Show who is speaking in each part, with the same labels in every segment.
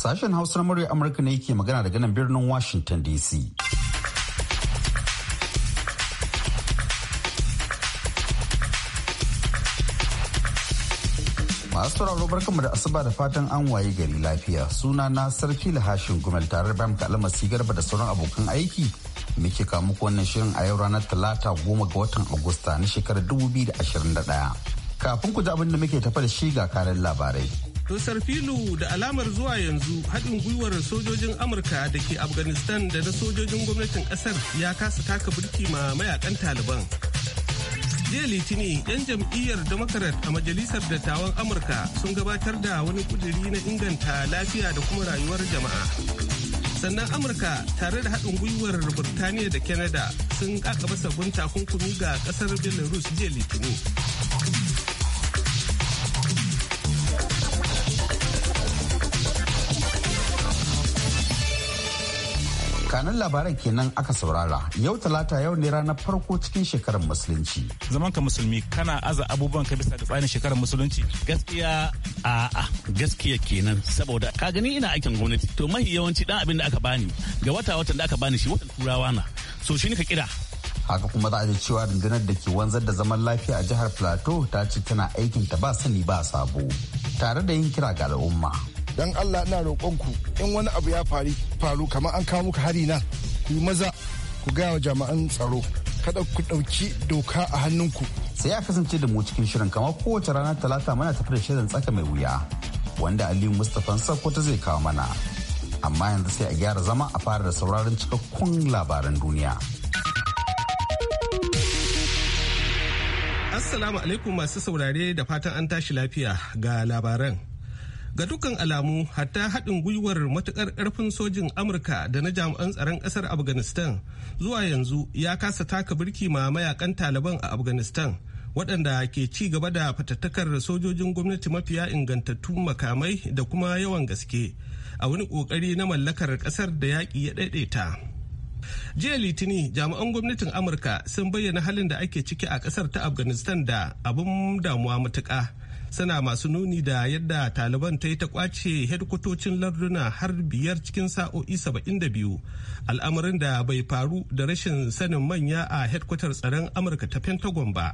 Speaker 1: Sashen Hausa na murya Amurka ne yake magana daga nan birnin Washington DC. masu sauraro barkanmu da asuba da fatan an waye gari lafiya suna na sarki Lahashin gumel tare da muka almasi garba da sauran abokan aiki muke kamu wannan shirin a yau ranar talata goma ga watan agusta na shekarar 2021 kafin ku ji abin da muke tafa da shi ga kanin labarai
Speaker 2: To filu da alamar zuwa yanzu haɗin gwiwar sojojin Amurka da ke Afghanistan da na sojojin gwamnatin ƙasar ya kasa taka birki ma mayakan Taliban. Jiya Litini, 'yan jam'iyyar Democrat a Majalisar Dattawan Amurka sun gabatar da wani kuduri na inganta lafiya da kuma rayuwar jama'a. Sannan Amurka tare da haɗin gwiwar Burtaniya da Canada sun kakaba sabbin takunkumi ga ƙasar Belarus jiya Litini.
Speaker 1: kanan labaran kenan aka saurara yau talata yau ne ranar farko cikin shekarar musulunci zaman ka musulmi
Speaker 3: kana aza abubuwan ka bisa da tsarin shekarar musulunci gaskiya a a gaskiya kenan saboda ka gani ina aikin gwamnati to mahi yawanci dan abin da aka bani ga wata watan da aka bani shi watan turawa na so shi ne ka kira
Speaker 1: haka kuma za a ji cewa rundunar da ke wanzar da zaman lafiya a jihar plateau ta ce tana aikin ta ba sani ba sabo tare da yin kira ga al'umma
Speaker 4: dan Allah ina roƙonku in wani abu ya faru faru kamar an kawo muku hari nan ku yi maza ku gaya wa jami'an tsaro kada ku ɗauki doka a hannunku. sai ya
Speaker 1: kasance da mu cikin shirin kamar kowace rana talata mana tafi da shirin tsaka mai wuya wanda aliyu mustapha sakkwata zai kawo mana amma yanzu sai a gyara zama a fara da sauraron cikakkun labaran duniya.
Speaker 2: Assalamu alaikum masu saurare da fatan an tashi lafiya ga labaran. ga dukkan alamu hatta haɗin gwiwar matuƙar ƙarfin sojin amurka da na jami'an tsaron ƙasar afghanistan zuwa yanzu ya kasa taka birki ma mayakan taliban a afghanistan waɗanda ke ci gaba da fatattakar sojojin gwamnati mafiya ingantattu makamai da kuma yawan gaske a wani ƙoƙari na mallakar ƙasar da yaƙi ya ɗaiɗaita jiya litini jami'an gwamnatin amurka sun bayyana halin da ake ciki a ƙasar ta afghanistan da abin damuwa matuƙa suna masu nuni da yadda taliban ta yi ta kwace hedkwatocin larduna har biyar cikin sa'o'i 72 al'amarin da bai faru da rashin sanin manya a hedkwatar tsaron amurka ta pentagon ba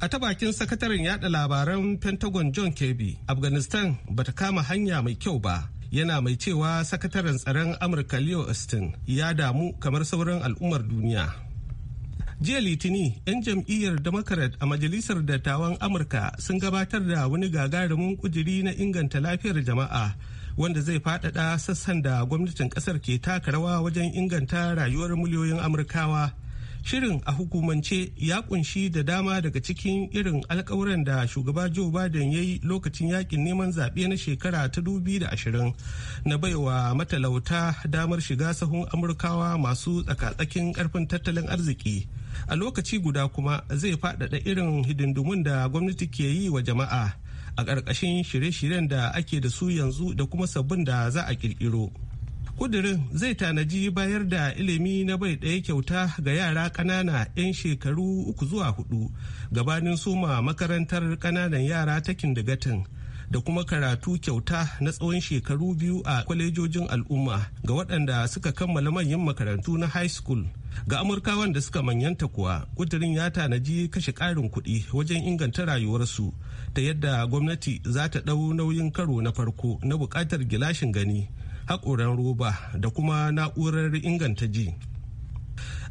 Speaker 2: a ta bakin sakataren yada labaran pentagon john kirby afghanistan ba ta kama hanya mai kyau ba yana mai cewa sakataren tsaron amurka leo austin ya damu kamar sauran al'ummar duniya jiya litini 'yan jam'iyyar democrat a majalisar dattawan amurka sun gabatar da wani gagarumin kujeri na inganta lafiyar jama'a wanda zai faɗaɗa sassan da gwamnatin ƙasar ke taka rawa wajen inganta rayuwar miliyoyin amurkawa Shirin a hukumance ya kunshi da dama daga cikin irin alkawuran da shugaba Joe Biden ya yi lokacin yakin neman zaɓe na shekara ta ashirin na baiwa matalauta damar shiga sahun Amurkawa masu tsakatsakin karfin tattalin arziki. A lokaci guda kuma zai faɗaɗa irin hidindimun da gwamnati ke yi wa jama'a a ƙarƙashin shirye-shiryen da ake da su yanzu da kuma sabbin da za a ƙirƙiro. Kudirin zai tanaji bayar da ilimi na bai ɗaya kyauta ga yara ƙanana 'yan shekaru uku zuwa hudu gabanin suma makarantar ƙananan yara ta kindigatin da kuma karatu kyauta na tsawon shekaru biyu a kwalejojin al'umma ga waɗanda suka kammala manyan makarantu na high school. Ga Amurkawan da suka manyanta kuwa, kudirin ya tanaji kashe ƙarin kuɗi wajen inganta rayuwarsu ta yadda gwamnati za ta ɗau nauyin karo na farko na buƙatar gilashin gani. haƙoran roba da kuma na'urar inganta ji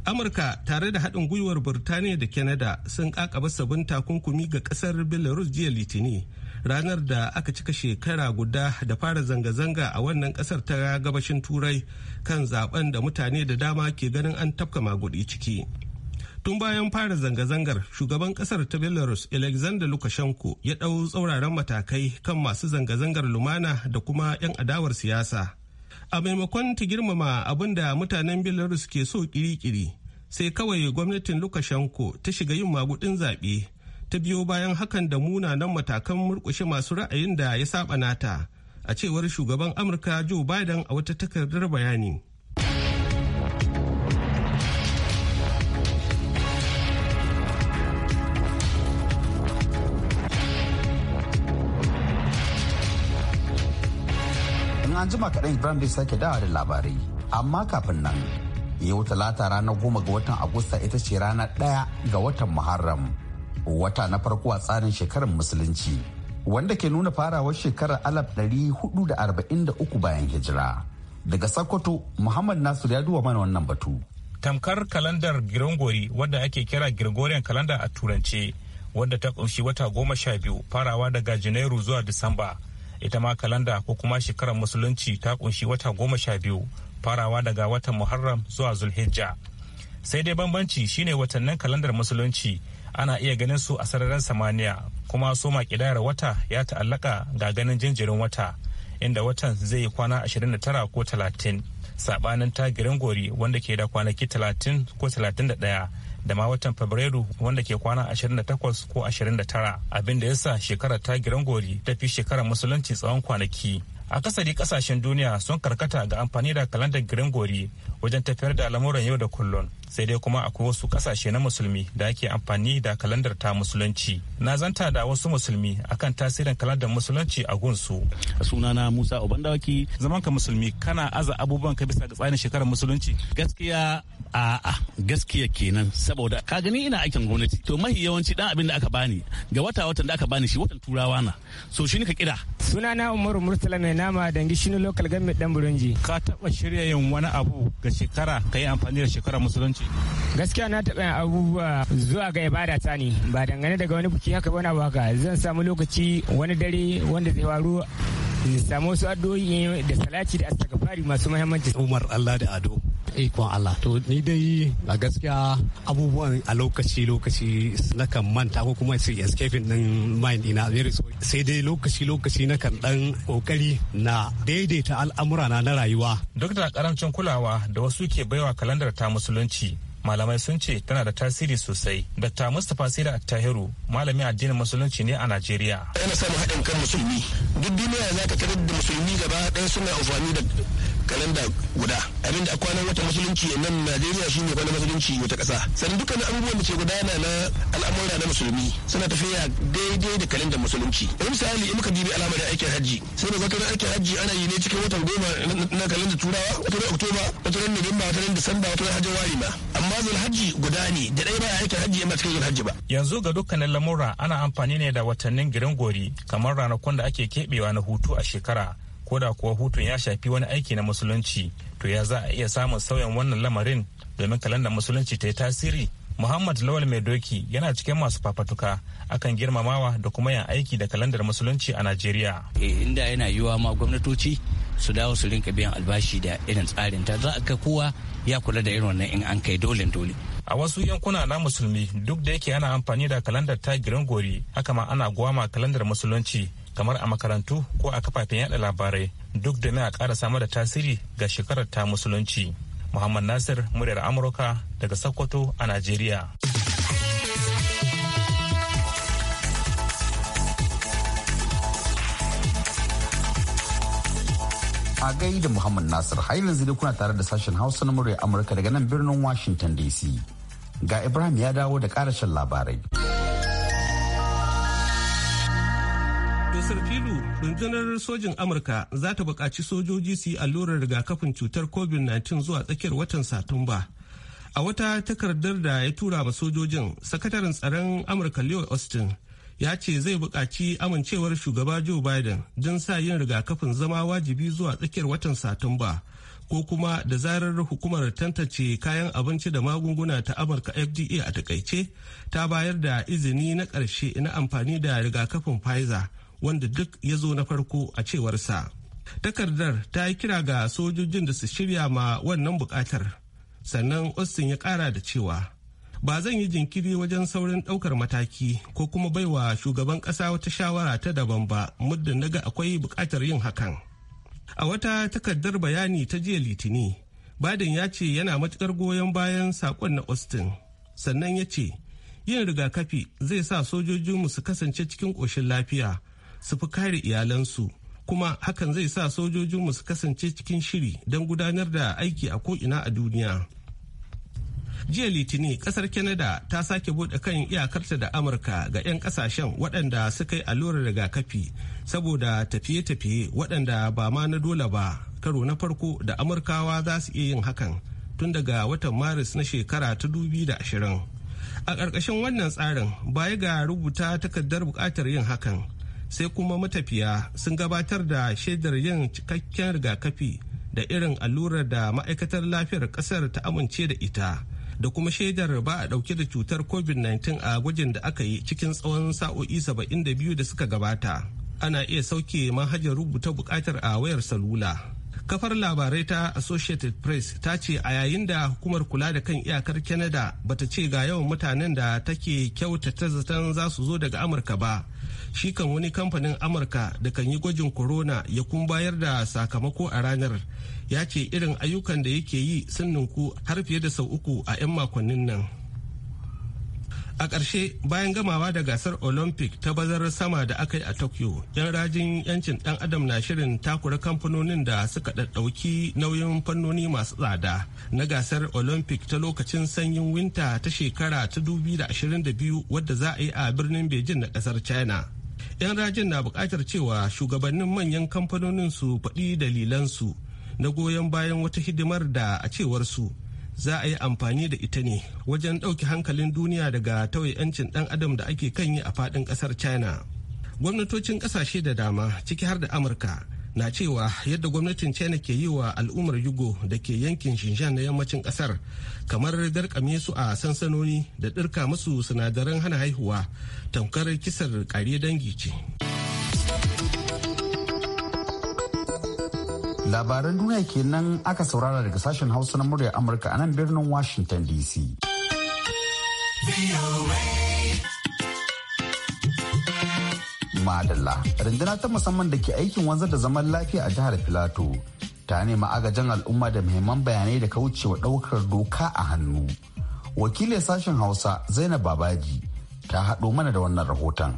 Speaker 2: amurka tare da haɗin gwiwar burtaniya da canada sun ƙaƙaba sabon takunkumi ga ƙasar belarus jiya litini ranar da aka cika shekara guda da fara zanga-zanga a wannan ƙasar ta gabashin turai kan zaben da mutane da dama ke ganin an tafka maguɗi ciki tun bayan fara zanga-zangar shugaban ƙasar ta belarus alexander lukashenko ya ɗau tsauraran matakai kan masu zanga-zangar lumana da kuma 'yan adawar siyasa a maimakon ta girmama abin da mutanen belarus ke so kirikiri sai kawai gwamnatin lukashenko ta shiga yin magudin zaɓe ta biyo bayan hakan da munanan matakan murkushe masu ra'ayin da ya saba nata a cewar shugaban amurka joe biden a wata takardar bayani
Speaker 1: an jima kaɗan ibrahim zai sake dawa da labarai amma kafin nan yau talata ranar goma ga watan agusta ita ce rana ɗaya ga watan muharram wata na farko a tsarin shekarar musulunci wanda ke nuna farawar shekarar alaf ɗari hudu da arba'in da uku bayan hijira daga sokoto muhammad nasir ya duba mana wannan batu
Speaker 5: tamkar kalandar girangori wadda ake kira gregorian kalanda a turance wadda ta ƙunshi wata goma sha biyu farawa daga janairu zuwa disamba ita ma kalanda ko kuma shekarar musulunci ta kunshi wata goma sha biyu farawa daga watan muharram zuwa zulhijja sai dai bambanci shine watannin kalandar musulunci ana iya ganin su a sararin samaniya kuma soma kidayar wata ya ta'allaka ga ganin jinjirin wata inda watan zai yi kwana da tara ko talatin sabanin tagirin gori wanda ke da kwanaki talatin ko talatin da 31 da ma watan Fabrairu wanda ke kwana 28 ko 29 abin da ya sa shekarar ta gori ta fi shekarar musulunci tsawon kwanaki. Akasari kasashen duniya sun karkata ga amfani da kalandar gori wajen tafiyar da lamuran yau da kullun. sai dai kuma akwai wasu kasashe na musulmi da ake amfani da kalandar ta musulunci na zanta da wasu musulmi akan tasirin kalandar musulunci a gunsu
Speaker 3: sunana musa
Speaker 5: obandawaki zaman ka musulmi kana aza abubuwan ka bisa ga tsarin shekarar musulunci
Speaker 3: gaskiya a'a gaskiya kenan saboda ka gani ina aikin gwamnati to mahi yawanci dan abin da aka bani ga wata watan da aka bani shi watan turawa na so shi ne ka kira
Speaker 5: sunana umaru murtala mai nama dangi shine local government dan burunji ka taba shirya yin wani abu ga shekara ka yi amfani da shekarar musulunci gaskiya na taɓa yin abubuwa zuwa ga ibada ta ne ba dangane daga wani buki haka wani abu haka zan samu lokaci wani dare wanda zai waru in samu wasu addu'o'i da salati da astagfari masu muhimmanci Umar Allah da Ado ikon Allah to ni dai a gaskiya abubuwan a lokaci lokaci nakan manta ko kuma su escaping din mind ina sai dai lokaci lokaci nakan dan kokari na daidaita al'amura na na rayuwa duk da karancin kulawa da wasu ke baiwa kalandar ta musulunci malamai sun ce tana da tasiri sosai dr mustapha sira attahiru malamin addinin musulunci ne a najeriya
Speaker 2: yana samun haɗin kan musulmi duk duniya za ka karar da musulmi gaba ɗaya suna amfani da kalanda guda abin da kwanan wata musulunci a nan najeriya shine kwanan musulunci wata kasa sannan na abubuwan da ke gudana na al'amura na musulmi suna tafiya daidai da kalanda musulunci yanzu misali in muka dibi alamar aikin hajji sai da zakarin aikin hajji ana yi ne cikin watan goma na kalanda turawa wata ran oktoba wata ran nuwamba wata ran disamba wata ran hajjawari ma amma hajji guda ne da ɗaya ba aikin hajji amma cikin hajji ba
Speaker 5: yanzu ga dukkanin lamura ana amfani ne da watannin girin gori kamar ranakun da ake keɓewa na hutu a shekara ko da kuwa hutun ya shafi wani aiki na musulunci to ya za a iya samun sauyin wannan lamarin domin kalandar musulunci ta yi tasiri muhammad lawal mai doki yana cikin masu fafatuka akan girmamawa da kuma yin aiki da kalandar musulunci a najeriya eh, inda yana yiwuwa ma gwamnatoci su dawo su rinka biyan albashi da irin tsarin ta za a ga kowa ya kula da irin wannan in an kai dole dole a wasu yankuna na musulmi duk da yake ana amfani da kalandar ta girin gori haka ma ana gwama kalandar musulunci kamar a makarantu ko a kafafen yada labarai duk da a ƙara samar da tasiri ga shekarar ta musulunci. Muhammad Nasir muryar Amurka daga Sokoto a Najeriya.
Speaker 1: A da Muhammad Nasir har yanzu dai kuna tare da sashen Hausa na muryar Amurka daga nan birnin Washington DC. Ga Ibrahim ya dawo da ƙarashin labarai.
Speaker 2: Filu, rundunar sojin amurka za ta buƙaci sojoji su yi allurar rigakafin cutar covid-19 zuwa tsakiyar watan satumba a wata takardar da ya tura ma sojojin sakataren tsaron amurka leo austin ya ce zai buƙaci amincewar shugaba joe biden don sa yin rigakafin zama wajibi zuwa tsakiyar watan satumba ko kuma da zarar hukumar tantance kayan abinci da magunguna ta amurka fda a takaice ta bayar da izini na ƙarshe na amfani da rigakafin pfizer wanda duk ya zo na farko a cewarsa takardar ta yi kira ga sojojin da su shirya ma wannan bukatar sannan austin ya kara da cewa ba zan yi jinkiri wajen saurin daukar mataki ko kuma baiwa shugaban kasa wata shawara ta daban ba muddin naga akwai bukatar yin hakan a wata takardar bayani ta jiya litini biden ya ce yana matukar goyon bayan sakon na austin sannan ya ce yin rigakafi zai sa sojojinmu su kasance cikin ƙoshin lafiya su fi kare iyalansu kuma hakan zai sa sojojinmu su kasance cikin shiri don gudanar da aiki a ko'ina a duniya jiya litinin kasar canada ta sake bude kan iyakarta da amurka ga 'yan kasashen waɗanda suka yi allurar rigakafi saboda tafiye-tafiye waɗanda ba ma na dole ba karo na farko da amurkawa za su iya yin hakan tun daga watan maris na shekara ta dubi da ashirin. a ƙarƙashin wannan tsarin baya ga rubuta takardar buƙatar yin hakan sai kuma matafiya sun gabatar da shaidar yin cikakken rigakafi da irin allurar da ma'aikatar lafiyar kasar ta amince da ita da kuma shaidar ba a dauke da cutar covid-19 a gwajin da aka yi cikin tsawon sa'o'i 72 da suka gabata ana iya sauke manhajar rubuta bukatar a wayar salula kafar labarai ta associated press ta ce a yayin da hukumar kula da kan iyakar canada bata ce ga yawan mutanen da take kyautata zaton za su zo daga amurka ba shi kan wani kamfanin amurka da kan yi gwajin corona ya kun bayar da sakamako a ranar ya ce irin ayyukan da yake yi sun ninku har fiye da sau uku a 'yan makonnin nan a ƙarshe bayan gamawa da gasar olympic ta bazarar sama da aka yi a tokyo yan rajin yancin ɗan adam na shirin takura kamfanonin da suka ɗaɗɗauki nauyin fannoni masu tsada na gasar olympic ta lokacin sanyin winta ta shekara ta 2022 wadda za a yi a birnin beijing na ƙasar china 'yan rajin na buƙatar cewa shugabannin manyan kamfanonin su faɗi dalilansu na goyon bayan wata hidimar da a cewar su za a yi amfani da ita ne wajen ɗauki hankalin duniya daga tauye 'yancin ɗan adam da ake kan yi a faɗin ƙasar china gwamnatocin ƙasashe da dama ciki har da amurka na cewa yadda gwamnatin china ke yi wa al'ummar yugo da ke yankin shinshan na yammacin kasar kamar darkame su a sansanoni da ɗirka musu sinadaran hana haihuwa tamkar kisar kare dangi ce
Speaker 1: labaran duniya kenan aka saurara daga sashen hausa na murya amurka a nan birnin washington dc Madalla, rundunar ta musamman da ke aikin wanzar da zaman lafiya a jihar Filato ta nema agajin al'umma da muhimman bayanai da ka kaucewa ɗaukar doka a hannu. Wakilin sashen Hausa Zainab Babaji ta haɗo mana da wannan rahoton.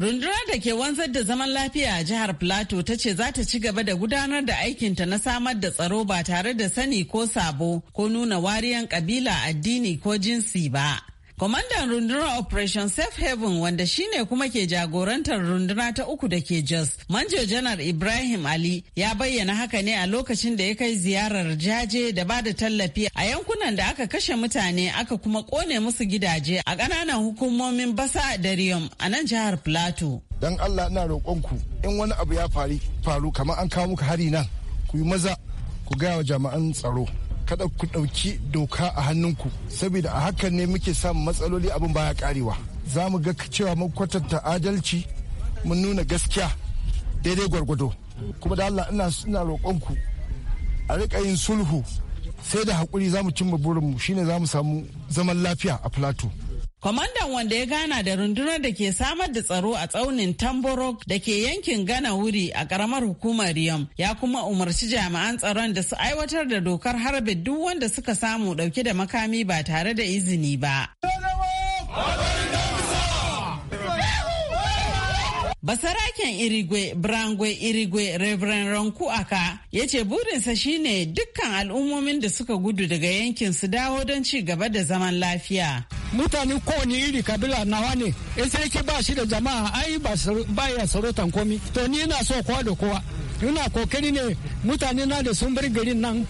Speaker 6: Rundunar da ke wanzar da zaman lafiya a jihar filato ta ce za ta ci gaba da gudanar da aikinta na samar da tsaro ba tare da sani ko sabo ko nuna wariyan kabila addini ko jinsi ba. Kwamandan rundunar Operation Safe Haven wanda shine kuma ke jagorantar runduna ta uku da ke Jos, Manjo Janar Ibrahim Ali ya bayyana haka ne a lokacin da ya kai ziyarar jaje da ba da tallafi a yankunan da aka kashe mutane aka kuma kone musu gidaje a ƙananan hukumomin Basa da Riyom a nan jihar Plateau. Dan
Speaker 4: Allah ina roƙonku in wani abu ya faru kamar an kawo muku hari nan ku yi maza ku gaya wa jami'an tsaro kada ku ɗauki doka a hannunku saboda a hakan ne muke samun matsaloli abin baya karewa za mu ga cewa mun kwatanta adalci mun nuna gaskiya daidai gwargwado kuma da Allah ina ina roƙonku a riƙa yin sulhu sai da haƙuri za mu cimma burinmu shine za mu samu zaman lafiya a plateau
Speaker 6: Kwamandan wanda ya gana da rundunar da ke samar da tsaro a tsaunin Tamborok da ke yankin Gana wuri a karamar hukumar Riyam ya kuma umarci jami'an tsaron da su aiwatar da dokar harbe duk wanda suka samu dauke da makami ba tare da izini ba. Basaraken Irigwe, Brangwe Irigwe, Reverend ronku Aka ya ce burinsa shine dukkan al'ummomin da suka gudu daga yankin su dawo don ci gaba da zaman lafiya. Mutane kowane iri kabila nawa ne, in ke ba shi da
Speaker 7: jama'a ai ba ya sarautan komi. To ni ina so kowa da kowa. Ina kokari ne mutane na da sun bar garin nan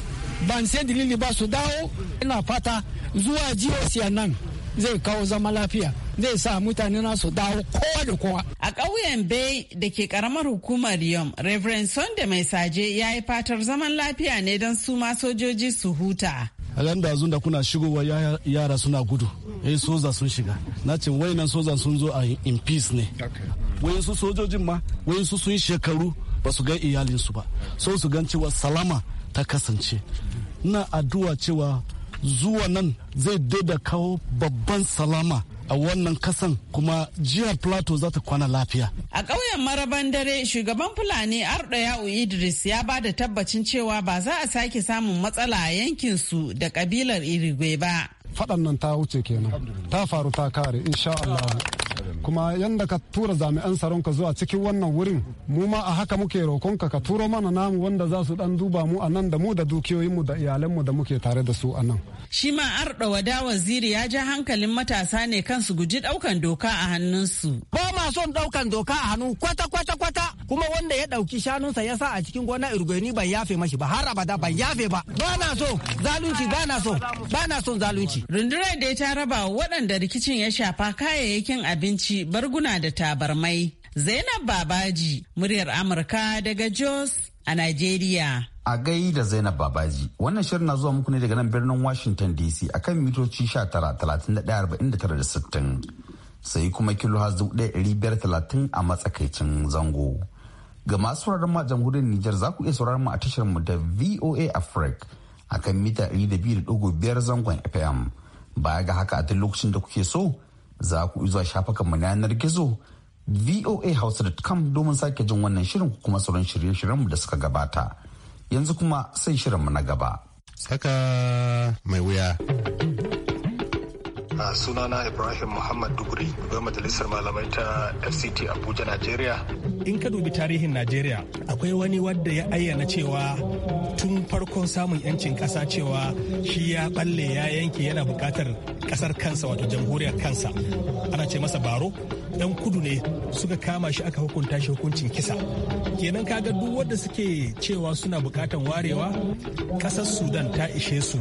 Speaker 7: ban sai dalili ba su dawo ina fata
Speaker 6: zuwa jiya nan zai kawo zama lafiya zai sa mutane na dawo kowa da kowa. A ƙauyen Bay da ke ƙaramar hukumar Yom, Reverend Sunday Mai Saje ya yi fatar zaman lafiya ne don su ma sojoji su huta.
Speaker 7: halan da da kuna shigowa yara suna gudu eh soja sun shiga na ce nan soja sun zo a in peace ne su sojojin ma su sun shekaru ba su ga iyalinsu ba so su gan cewa salama ta kasance na addu'a cewa zuwa nan zai daida kawo babban salama a wannan kasan kuma jihar plateau za ta kwana lafiya
Speaker 6: a ƙauyen maraban dare shugaban fulani arɗa ya'u idris ya ba da tabbacin cewa ba za a sake samun matsala a yankinsu da ƙabilar irigwe ba faɗan nan ta wuce kenan ta faru ta kare insha Allah kuma yadda ka
Speaker 1: tura jami'an tsaron ka zuwa cikin wannan wurin mu ma a haka muke rokonka ka turo mana namu wanda za su dan duba mu a nan da mu da dukiyoyinmu da iyalanmu da muke tare da su a nan.
Speaker 6: Shi ma arɗa wada waziri ya ja hankalin matasa ne kansu guji ɗaukan doka a hannunsu. Ba son daukan doka a hannu kwata kwata kwata kuma wanda ya dauki shanunsa ya sa a cikin gona irgoni ban yafe mashi ba har abada ban yafe ba ba na so zalunci ba na so ba na son zalunci rundunar da ta raba waɗanda rikicin ya shafa kayayyakin abinci barguna da tabarmai zainab babaji muryar amurka daga jos a nigeria
Speaker 1: a gai da zainab babaji wannan shirin na zuwa muku ne daga nan birnin washington dc akan mitoci 19 31 da 60 sai kuma kilo talatin a matsakaicin zango. Ga masu sauraron ma jamhuriyar Nijar za ku iya sauraron mu a tashar mu da VOA Africa a kan mita 200.5 zangon FM. Baya ga haka a duk lokacin da kuke so za ku zuwa shafakan mu yanar gizo voahausa.com domin sake jin wannan shirin kuma sauran shirye mu da suka gabata. Yanzu kuma sai shirin mu na gaba.
Speaker 8: Saka mai wuya.
Speaker 2: A sunana ibrahim muhammad duguri ga majalisar malamai ta fct abuja nigeria
Speaker 5: in ka dubi tarihin nigeria akwai wani wadda ya ayyana cewa tun farkon samun yancin kasa cewa shi ya balle ya yanke yana bukatar kasar kansa wato jamhuriyar kansa ana ce masa baro dan kudu ne suka kama shi aka hukunta shi hukuncin kisa kenan ka ga duk wanda suke cewa suna bukatan warewa kasar sudan ta ishe su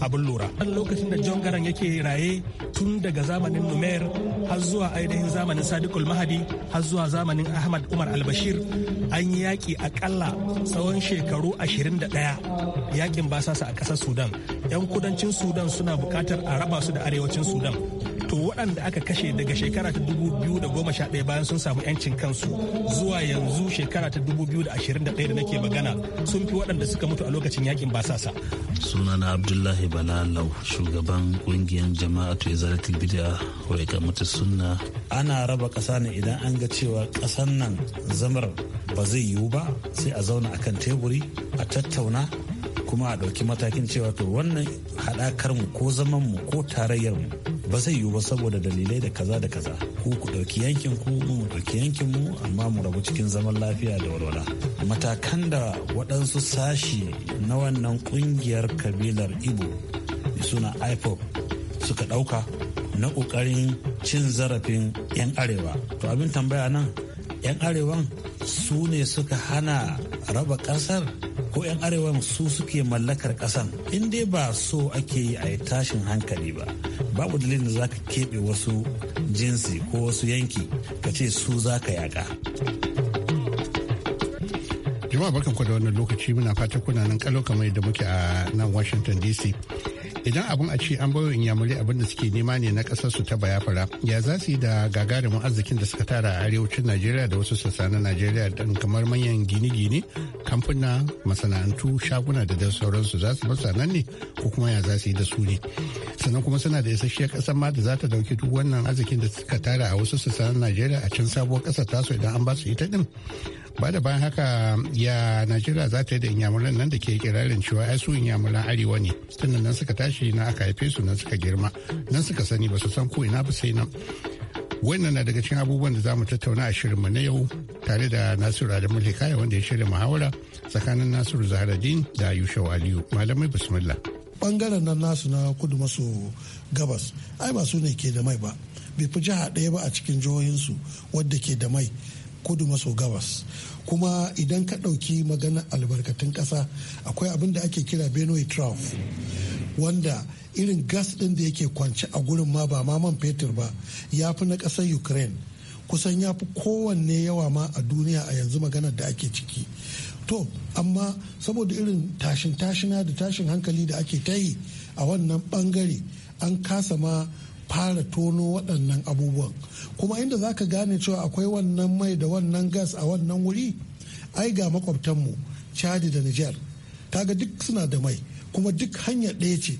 Speaker 5: abin lura lokacin da john garan yake raye tun daga zamanin numer har zuwa ainihin zamanin sadiqul mahadi har zuwa zamanin ahmad umar albashir an yi yaƙi akalla tsawon shekaru ashirin da 21 yakin basasa a ƙasar sudan 'yan kudancin sudan suna buƙatar a raba su da arewacin sudan to waɗanda aka kashe daga shekara ta ɗaya bayan sun samu 'yancin kansu zuwa yanzu shekara ta 2021 da nake magana
Speaker 3: sun fi waɗanda suka mutu a lokacin yakin basasa. sunana abdullahi balalau shugaban ƙungiyar jama'a jama'atu izalatul bid'a wai mutu sunna ana raba ƙasa ne idan an ga cewa ƙasan nan zamar ba zai yiwu ba sai a zauna akan teburi a tattauna kuma a ɗauki matakin cewa to wannan haɗakar mu ko zaman mu ko tarayyar mu ba zai yiwu ba saboda dalilai da kaza da kaza ku ku ɗauki yankin ku mu ɗauki yankin mu amma mu rabu cikin zaman lafiya da walwala matakan da waɗansu sashi na wannan ƙungiyar kabilar ibo suna ipop suka ɗauka na ƙoƙarin cin zarafin 'yan arewa to abin tambaya nan 'yan arewan su ne suka hana raba ƙasar ko 'yan arewa su suke mallakar kasan in dai ba so ake yi a tashin hankali ba babu dalilin da za ka keɓe wasu jinsi ko wasu yanki ka ce
Speaker 8: su za ka yaka jama'a barkan ku da wannan lokaci muna fata kuna nan kalau kamar da muke a nan washington dc idan abin a ce an bayo inyamurai abin da suke nema ne na kasar su ta bayafara ya za su yi da gagarumin arzikin da suka tara a arewacin najeriya da wasu sassa na najeriya dan kamar manyan gine-gine kamfuna masana'antu shaguna da sauransu za su basa nan ne ko kuma ya za su yi da su ne sannan kuma suna da isasshiyar kasar ma da za ta dauki duk wannan arzikin da suka tara a wasu sassan najeriya a can sabuwar kasa tasu idan an ba su ita din ba da bayan haka ya najeriya za ta yi da inyamuran nan da ke kirarin cewa ai su inyamuran arewa ne sannan nan suka tashi na aka haife su nan suka girma nan suka sani ba su san ko ina ba sai nan wannan na daga cikin abubuwan da za mu tattauna a shirinmu na yau tare da nasiru adamu lekaya wanda ya shirya muhawara tsakanin nasiru din da yushe aliyu malamai bismillah
Speaker 4: bangaren nan nasu na kudu maso gabas ai ba su ne ke da mai ba bai fi jiha ɗaya ba a cikin jihohinsu wadda ke da mai kudu maso gabas kuma idan ka ɗauki maganar albarkatun ƙasa akwai abin da ake kira benue trough wanda irin gas ɗin da yake kwance a gurin ma ba ma man fetur ba ya fi na ƙasar ukraine kusan ya fi kowanne yawa ma a duniya a yanzu maganar da ake ciki to amma saboda irin tashin tashina da tashin hankali da ake ta yi a wannan bangare an kasa ma fara tono waɗannan abubuwan kuma inda za ka gane cewa akwai wannan mai da wannan gas a wannan wuri ai ga makwabtanmu chadi da niger kaga duk suna da mai kuma duk hanyar ɗaya ce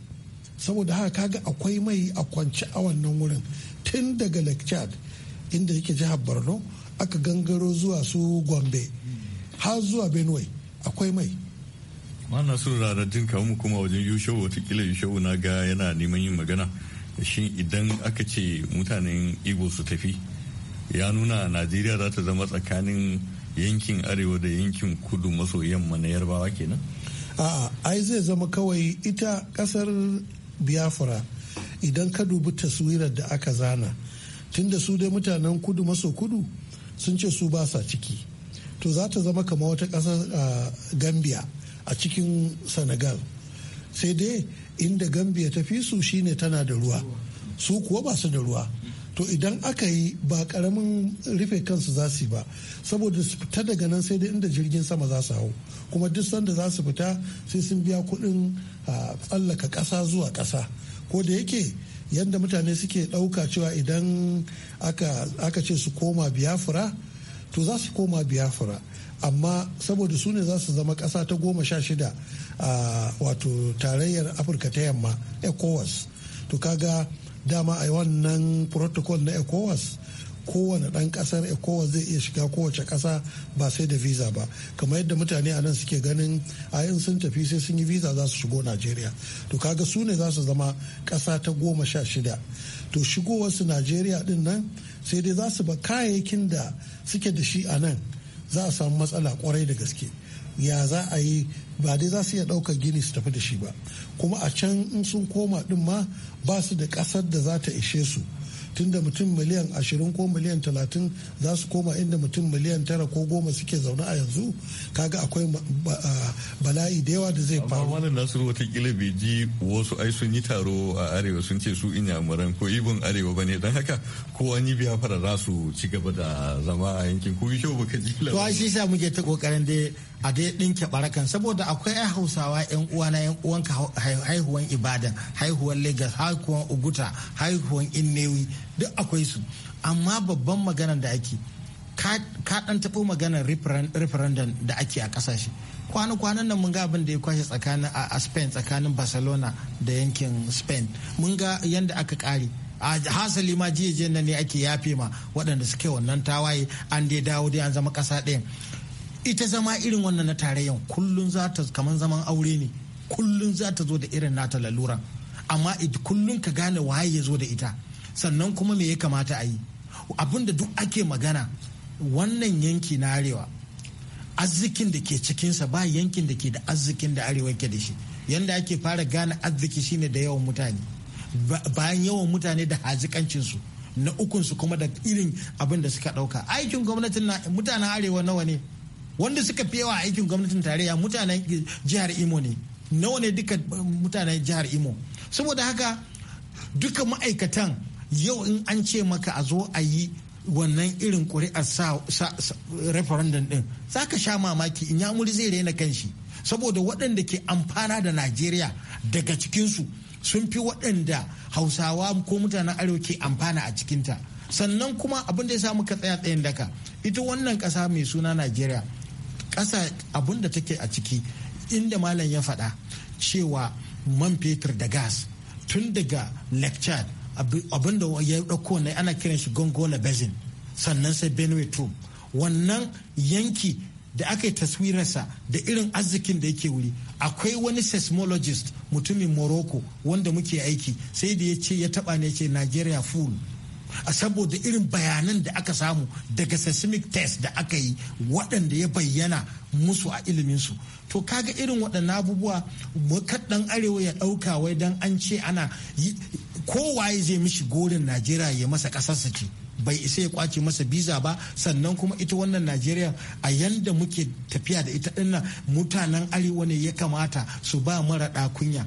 Speaker 4: saboda haka kaga akwai mai a kwance a wannan wurin tun daga lake chad inda yake jihar borno aka gangaro zuwa su gombe har zuwa benue akwai mai
Speaker 9: na su rarratin kamun kuma wajen yushewu watakila yushewu na ga yana neman yin magana shi idan aka ce mutanen igbo su tafi ya nuna najeriya za ta zama tsakanin yankin arewa da yankin kudu maso yamma na yarbawa kenan
Speaker 4: a'a ai zai zama kawai ita kasar biafra idan ka dubi taswirar da aka zana tunda su dai mutanen kudu maso kudu sun ce su ba sa ciki to za ta zama kama wata ƙasar gambia a cikin senegal sai dai inda gambia ta fi su shine tana da ruwa su kuwa ba su da ruwa to idan aka yi ba karamin rufe kansu za su yi ba saboda su fita daga nan sai dai inda jirgin sama za su hau kuma duk sanda za su fita sai sun biya kuɗin tsallaka ƙasa zuwa ƙasa ko da yake yadda mutane suke ɗauka cewa idan aka ce su koma biyafura to za su koma biafra amma saboda su ne za su zama ƙasa ta goma sha shida a wato tarayyar afirka ta yamma ecowas to kaga dama a wannan protocol na ecowas kowane ɗan ƙasar ecowas zai iya shiga kowace ƙasa ba sai da visa ba kamar yadda mutane a nan suke ganin a in sun tafi sai sun yi visa za su shigo najeriya to kaga su ne za su zama ƙasa ta goma sha shida to shigowarsu najeriya ɗin nan sai dai za su ba kayayyakin da suke da shi a nan za a samu matsala kwarai da gaske ya za a yi ba dai za su iya ɗaukar gini su tafi da shi ba kuma a can in sun koma ɗin ma ba su da ƙasar da za ta ishe su tunda mutum miliyan ashirin ko miliyan talatin za su koma inda mutum miliyan tara ko goma suke zaune a yanzu kaga akwai bala'i da yawa da zai
Speaker 9: faru. amma malam nasiru watakila bai ji wasu ai sun yi taro a arewa sun ce su inyamuran ko ibin arewa bane ne don haka kowa yi biya fara za su ci gaba da zama a yankin ko yi kyau baka ji to ai shi
Speaker 7: sa muke ta kokarin dai a dai ɗinke barakan saboda akwai ai hausawa yan uwa na yan uwanka haihuwan ibadan haihuwan legas haihuwan uguta haihuwan innewi duk akwai su amma babban maganar da ake ka ɗan taɓo maganar referendum da ake a kasashe. kwana-kwanan nan mun ga abin da ya kwashe tsakanin a spain tsakanin barcelona da yankin spain mun ga yadda aka kare a hasali ma jiye nan ne ake yafe ma waɗanda suke wannan tawaye an dai dawo dai an zama ƙasa ɗaya ita zama irin wannan na tarayyan kullum za ta kamar zaman aure ne kullum za ta zo da irin nata lalura amma kullun ka gane waye ya zo da ita sannan kuma me ya kamata a yi abinda duk ake magana wannan yanki na arewa arzikin da ke cikinsa ba yankin da ke da arzikin da arewa ke da shi yanda ake fara gane arziki shine da yawan mutane bayan yawan mutane da hazikancinsu na ukunsu kuma da irin abin da suka dauka aikin gwamnatin mutanen arewa nawa ne wanda suka fi yawa aikin gwamnatin tarayya mutanen jihar imo ne nawa ne duka um, mutanen jihar imo saboda haka duka ma'aikatan yau in an ce maka a zo a yi wannan irin ƙuri'ar sa referendum din za ka sha mamaki in yamuri zai raina kanshi saboda waɗanda ke amfana da najeriya daga cikinsu sun fi waɗanda hausawa ko mutanen arewa ke amfana a cikinta sannan kuma abin da ya sa muka tsaya tsayin daka ita wannan ƙasa mai suna najeriya ƙasa abun da take a ciki inda malam ya faɗa cewa man fetur da gas tun daga lecture abin da ya ɗauko ne ana kiran shi gongola basin sannan sai benue tube wannan yanki da aka yi taswirarsa da irin arzikin da yake wuri akwai wani seismologist mutumin morocco wanda muke aiki sai da ya ce ya taba ne ce nigeria full saboda irin bayanan da aka samu daga seismic test da aka yi waɗanda ya bayyana musu a iliminsu to kaga irin waɗannan abubuwa kaɗan arewa ya ɗauka wai don an ce ana kowaye zai mishi gorin najeriya ya masa ƙasarsa ce bai isa ya kwace masa biza ba sannan kuma ita wannan najeriya a yanda muke tafiya da ita dinnan mutanen arewa ne ya kamata su ba mara kunya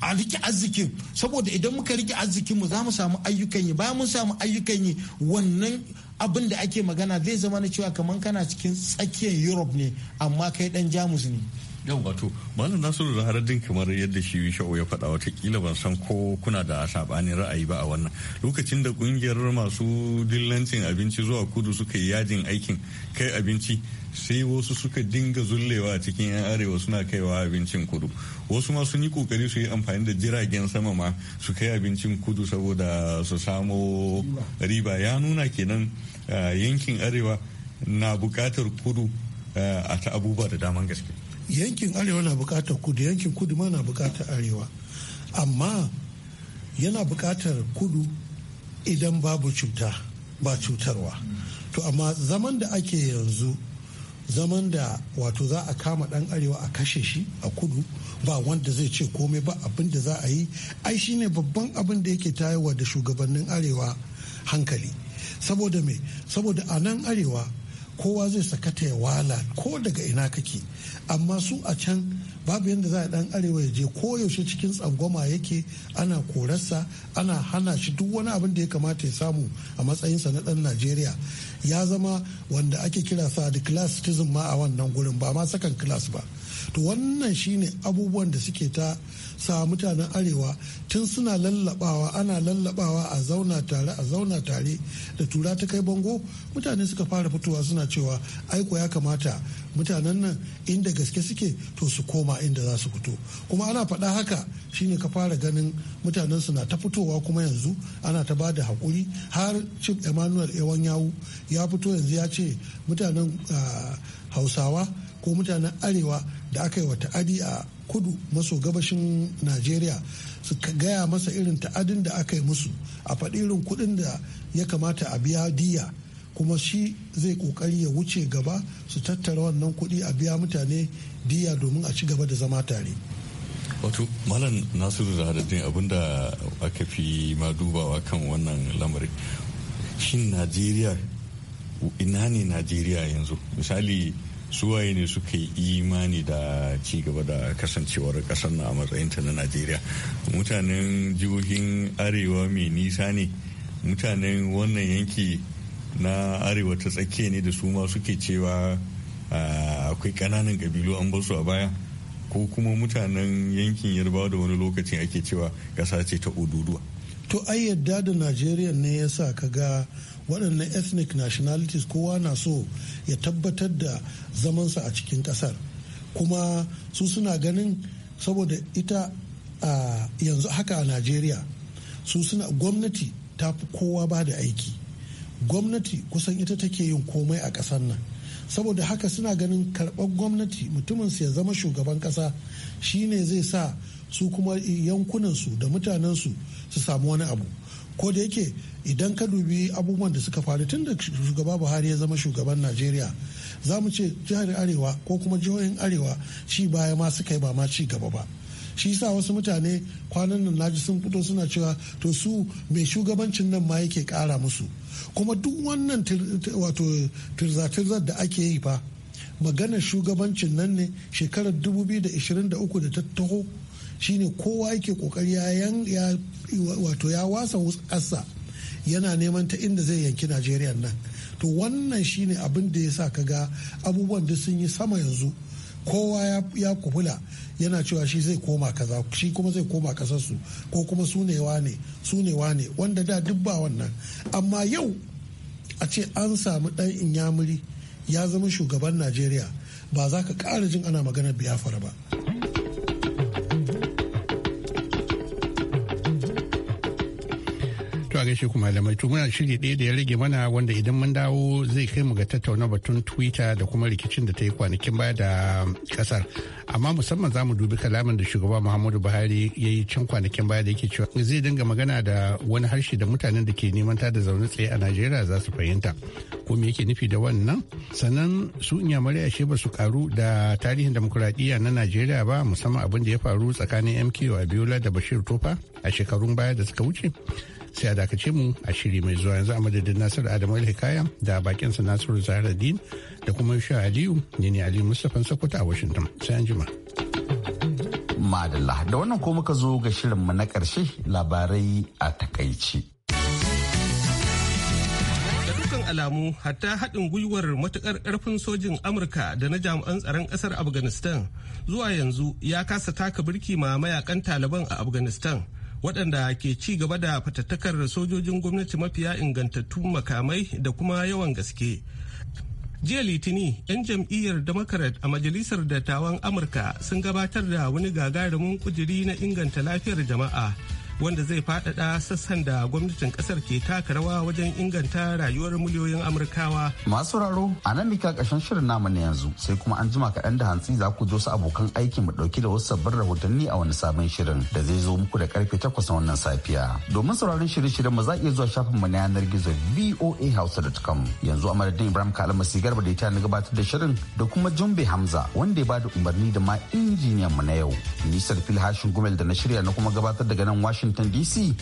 Speaker 7: a rike arzikin saboda idan muka rike arzikin mu za mu samu ayyukan yi ba mun samu ayyukan yi wannan abin da ake magana zai zama na cewa kamar kana cikin tsakiyar europe ne amma kai dan jamus ne
Speaker 9: yau wato malam nasiru da haradin kamar yadda shi sha'o ya faɗa watakila ban san ko kuna da sabanin ra'ayi ba a wannan lokacin da kungiyar masu dillancin abinci zuwa kudu suka yi yajin aikin kai abinci sai wasu suka dinga zullewa a cikin 'yan arewa suna kaiwa abincin kudu wasu ma sun yi kokari su yi amfani da jiragen sama ma su kai abincin kudu saboda su samo riba ya nuna kenan eh, yankin arewa na buƙatar kudu eh, a ta abubuwa da daman gaske yankin
Speaker 4: arewa na bukatar kudu yankin kudu ma na bukatar arewa amma yana bukatar kudu idan babu cuta ba cutarwa to amma zaman da ake yanzu zaman da wato za a kama dan arewa a kashe shi a kudu ba wanda zai ce komai ba abin da za a yi ai shine babban abin da yake tayowa da shugabannin arewa hankali saboda me saboda a nan arewa kowa zai sakata ya wala ko daga ina kake amma su a can babu yadda za a dan arewa ya je ko yaushe cikin tsangwama yake ana korarsa ana hana shi duk wani abin da ya kamata ya samu a matsayinsa na dan najeriya ya zama wanda ake kira sa da class citizen ma a wannan gurin ba ma sakan class ba to wannan shine abubuwan da suke ta sa mutanen arewa tun suna lallabawa ana lallabawa a zauna tare a zauna tare da tura ta kai bango mutane suka fara fitowa suna cewa aiko ya kamata mutanen nan inda gaske suke to su koma inda za su fito kuma ana faɗa haka shine ka fara ganin mutanen suna na ta fitowa kuma yanzu ana ta bada hakuri har chief emmanuel ewan yawu ya fito yanzu ya ce mutanen ah, hausawa ko mutanen arewa da aka yi wa ta'adi a kudu maso gabashin najeriya su gaya masa irin ta'adin da aka yi musu a faɗi irin kuɗin da ya kamata a biya diya kuma shi zai kokari ya wuce gaba su tattara wannan kudi a biya mutane diya domin a ci gaba da zama tare
Speaker 9: wato malam nasiru da abin abinda aka fi ma dubawa kan wannan lamarin shin najeriya ina ne najeriya yanzu misali suwaye ne suka yi imani da ci gaba da kasancewar kasar na a ta na najeriya mutanen jihohin arewa mai nisa ne mutanen wannan yanki na arewa ta tsakiya ne da su ma suke cewa ah, akwai kananan kabilu an basu a baya ko kuma mutanen yankin yarbawa da wani lokacin ake cewa ƙasa ce ta ududuwa
Speaker 4: to ai yadda da najeriya ne ya sa ka ga waɗannan ethnic nationalities kowa na so ya tabbatar da zamansa a cikin ƙasar kuma su suna ganin saboda ita a yanzu haka a najeriya su suna gwamnati ta fi kowa ba da aiki gwamnati kusan ita take yin komai a ƙasar nan saboda haka suna ganin karɓar gwamnati mutuminsu ya zama shugaban ƙasa ne zai sa su kuma yankunansu da mutanensu su samu wani abu ko da yake idan ka dubi abubuwan da suka faru tun da shugaba buhari ya zama shugaban najeriya za mu ce jihar arewa ko kuma jihohin arewa ci baya ma suka yi ba ma ci gaba ba shi sa wasu mutane kwanan nan naji sun fito suna cewa to su mai shugabancin nan ma yake kara musu kuma duk wannan wato tirzatirzar da ake yi fa maganar shugabancin nan ne shekarar 2023 da ta taho shine kowa yake kokari ya wato ya wasa wutsarsa yana neman ta inda zai yanki najeriya nan to wannan shine abin da ya sa ka ga abubuwan da sun yi sama yanzu kowa ya kufula yana cewa shi zai koma kaza shi kuma zai koma kasarsu ko kuma sunewa ne sunewa ne wanda da duk ba wannan amma yau a ce an samu dan inyamuri ya zama shugaban najeriya ba za ka ƙara jin ana maganar biyafara ba.
Speaker 8: shi kuma malamai to muna shiri ɗaya da ya rage mana wanda idan mun dawo zai kai mu ga tattauna batun twitter da kuma rikicin da ta yi kwanakin baya da kasar amma musamman za mu dubi kalamin da shugaba muhammadu buhari ya yi can kwanakin baya da yake cewa zai dinga magana da wani harshe da mutanen da ke neman ta da zaune tsaye a najeriya za su fahimta ko me yake nufi da wannan sannan su inyamurai ashe ba su karu da tarihin demokuraɗiyya na najeriya ba musamman abin da ya faru tsakanin mko abiola da bashir tofa a shekarun baya da suka wuce sai a dakace mu a shiri mai zuwa yanzu a madadin nasiru adamu hikaya da bakin bakinsa nasiru din da kuma yusha aliyu ne ne aliyu mustapha sokoto a washington sai an jima madalla da wannan ko muka zo ga shirinmu na karshe labarai
Speaker 1: a
Speaker 2: takaici da dukkan alamu hatta haɗin gwiwar matukar ƙarfin sojin amurka da na jami'an tsaron ƙasar afghanistan zuwa yanzu ya kasa taka birki ma mayakan taliban a afghanistan waɗanda ke ci gaba da fatattakar sojojin gwamnati mafiya ingantattun makamai da kuma yawan gaske jiya litini 'yan jam'iyyar democrat a majalisar dattawan amurka sun gabatar da wani gagarumin kujeri na inganta lafiyar jama'a wanda zai faɗaɗa sassan da gwamnatin ƙasar ke taka rawa wajen inganta rayuwar miliyoyin amurkawa masu
Speaker 1: raro a nan mika ƙarshen shirin namu na yanzu sai kuma an jima kaɗan da hantsi za ku zo su abokan aiki mu ɗauki da wasu sabbin rahotanni a wani sabon shirin da zai zo muku da karfe takwas na wannan safiya domin sauraron shirye-shiryen mu za iya zuwa shafin mu na yanar gizo voahausa.com yanzu a madadin ibrahim kalama garba da ita na gabatar da shirin da kuma jumbe hamza wanda ya bada umarni da ma injiniyan mu na yau nisar filhashin gumel da na shirya na kuma gabatar daga nan washington Washington DC